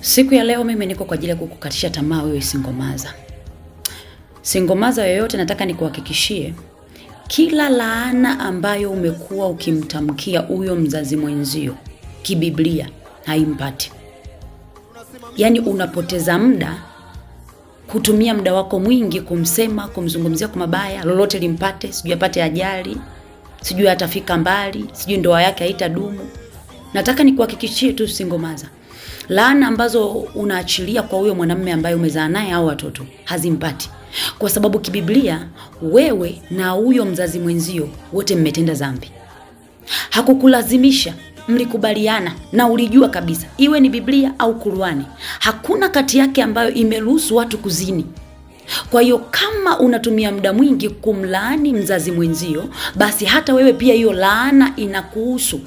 Siku ya leo mimi niko kwa ajili ya kukukatisha tamaa wewe singomaza. Singomaza yoyote nataka nikuhakikishie kila laana ambayo umekuwa ukimtamkia huyo mzazi mwenzio kibiblia haimpati. Yaani unapoteza muda kutumia muda wako mwingi kumsema, kumzungumzia kwa mabaya, lolote limpate, sijui apate ajali, sijui atafika mbali, sijui ndoa yake haitadumu. Nataka nikuhakikishie tu singomaza laana ambazo unaachilia kwa huyo mwanamume ambaye umezaa naye au watoto hazimpati, kwa sababu kibiblia wewe na huyo mzazi mwenzio wote mmetenda zambi Hakukulazimisha, mlikubaliana na ulijua kabisa, iwe ni Biblia au kurwani hakuna kati yake ambayo imeruhusu watu kuzini. Kwa hiyo kama unatumia muda mwingi kumlaani mzazi mwenzio, basi hata wewe pia hiyo laana inakuhusu.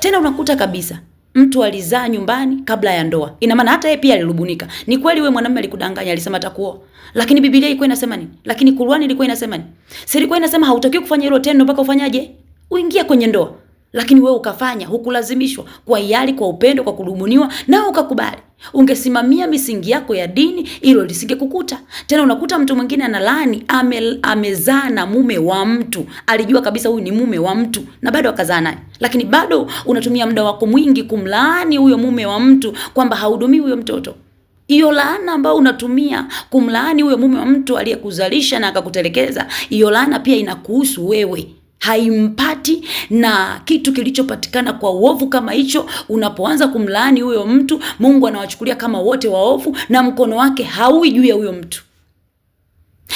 Tena unakuta kabisa mtu alizaa nyumbani kabla ya ndoa. Ina maana hata yeye pia alirubunika. Ni kweli wewe mwanamume alikudanganya, alisema atakuoa. Lakini Biblia ilikuwa inasema nini? Lakini Qur'ani ilikuwa inasema nini? Si ilikuwa inasema hautakiwi kufanya hilo tendo mpaka ufanyaje? Uingie kwenye ndoa lakini wewe ukafanya, hukulazimishwa, kwa hiari, kwa upendo, kwa kurubuniwa, na ukakubali. Ungesimamia misingi yako ya dini, hilo lisingekukuta tena. Unakuta mtu mwingine analaani, ame, amezaa na mume wa mtu, alijua kabisa huyu ni mume wa mtu na bado akazaa naye, lakini bado unatumia muda wako mwingi kumlaani huyo mume wa mtu kwamba hahudumii huyo mtoto. Hiyo laana ambayo unatumia kumlaani huyo mume wa mtu aliyekuzalisha na akakutelekeza, hiyo laana pia inakuhusu wewe haimpati, na kitu kilichopatikana kwa uovu kama hicho, unapoanza kumlaani huyo mtu, Mungu anawachukulia kama wote waovu, na mkono wake haui juu ya huyo mtu.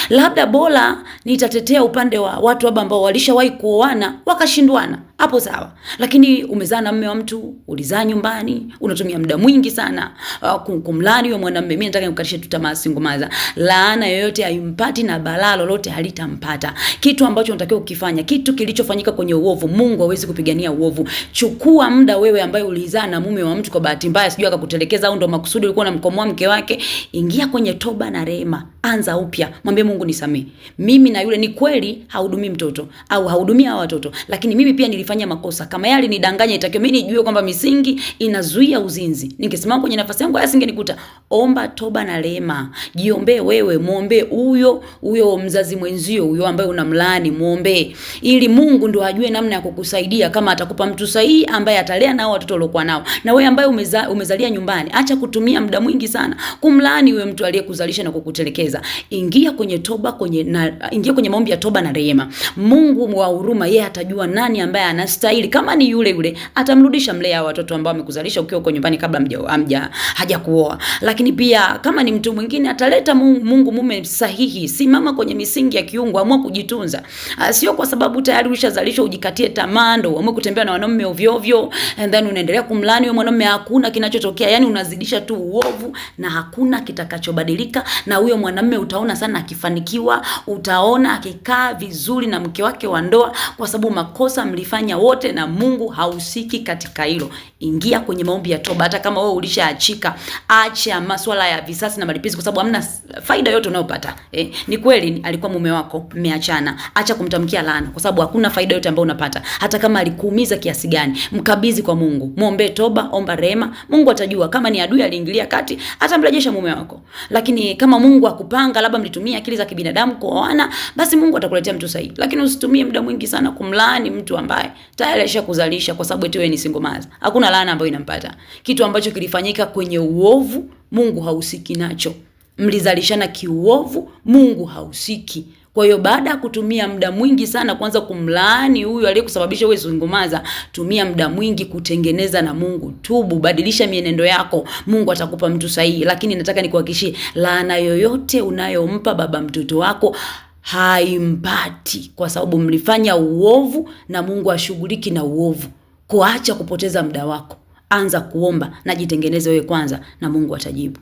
Labda bora nitatetea upande wa watu haba ambao walishawahi kuoana wakashindwana, hapo sawa. Lakini umezaa na mme wa mtu, ulizaa nyumbani, unatumia muda mwingi sana uh, kumlani huyo mwanamume. Mimi nataka nikukatishe tu tamaa, singomaza. Laana yoyote haimpati na balaa lolote halitampata. Kitu ambacho unatakiwa kukifanya, kitu kilichofanyika kwenye uovu, Mungu hawezi kupigania uovu. Chukua muda wewe, ambaye ulizaa na mume wa mtu kwa bahati mbaya, sijui akakutelekeza au ndo makusudi ulikuwa unamkomoa mke wake, ingia kwenye toba na rehema, anza upya, mwambie nimwambie Mungu nisamee. Mimi na yule ni kweli hahudumii mtoto au hahudumii hawa watoto, lakini mimi pia nilifanya makosa. Kama yale nidanganya, itakiwa mimi nijue kwamba misingi inazuia uzinzi. Ningesimama kwenye nafasi yangu, haya singenikuta. Omba toba na rehema, jiombee wewe, muombe huyo huyo mzazi mwenzio huyo ambaye unamlaani, muombe ili Mungu ndo ajue namna ya kukusaidia, kama atakupa mtu sahihi ambaye atalea nao watoto waliokuwa nao. Na wewe ambaye umeza, umezalia nyumbani, acha kutumia muda mwingi sana kumlaani huyo mtu aliyekuzalisha na kukutelekeza. Ingia kwenye kwenye toba kwenye na, ingia kwenye maombi ya toba na rehema. Mungu wa huruma, yeye atajua nani ambaye anastahili. Kama ni yule yule, atamrudisha mlea watoto ambao amekuzalisha ukiwa uko nyumbani kabla mja, hamja hajakuoa. Lakini pia kama ni mtu mwingine, ataleta Mungu, Mungu mume sahihi. Simama kwenye misingi ya kiungu, amua kujitunza, ah, sio kwa sababu tayari ulishazalishwa ujikatie tamaa, ndo uamue kutembea na wanaume ovyo ovyo, and then unaendelea kumlani yule mwanaume. Hakuna kinachotokea, Yaani unazidisha tu uovu na hakuna kitakachobadilika, na huyo mwanamume utaona sana akifu kufanikiwa, utaona akikaa vizuri na mke wake wa ndoa, kwa sababu makosa mlifanya wote na Mungu hausiki katika hilo. Ingia kwenye maombi ya toba, hata kama wewe ulishaachika, acha masuala ya visasi na malipizi, kwa sababu hamna faida yote unayopata. Eh, ni kweli alikuwa mume wako, mmeachana, acha kumtamkia laana, kwa sababu hakuna faida yote ambayo unapata, hata kama alikuumiza kiasi gani. Mkabidhi kwa Mungu, muombe toba, omba rehema. Mungu atajua kama ni adui aliingilia kati, atamrejesha mume wako, lakini kama Mungu akupanga, labda mlitumia kile akili za kibinadamu kuoana, basi Mungu atakuletea mtu sahihi. Lakini usitumie muda mwingi sana kumlaani mtu ambaye tayari alishakuzalisha kwa sababu eti wewe ni single mother. Hakuna laana ambayo inampata. Kitu ambacho kilifanyika kwenye uovu, Mungu hahusiki nacho. Mlizalishana kiuovu, Mungu hahusiki. Kwa hiyo baada ya kutumia muda mwingi sana kwanza kumlaani huyu aliyekusababisha uwe zungumaza, tumia muda mwingi kutengeneza na Mungu. Tubu, badilisha mienendo yako, Mungu atakupa mtu sahihi. Lakini nataka nikuhakikishie, laana yoyote unayompa baba mtoto wako haimpati, kwa sababu mlifanya uovu na Mungu ashughuliki na uovu. Kuacha kupoteza muda wako, anza kuomba na jitengeneze wewe kwanza, na Mungu atajibu.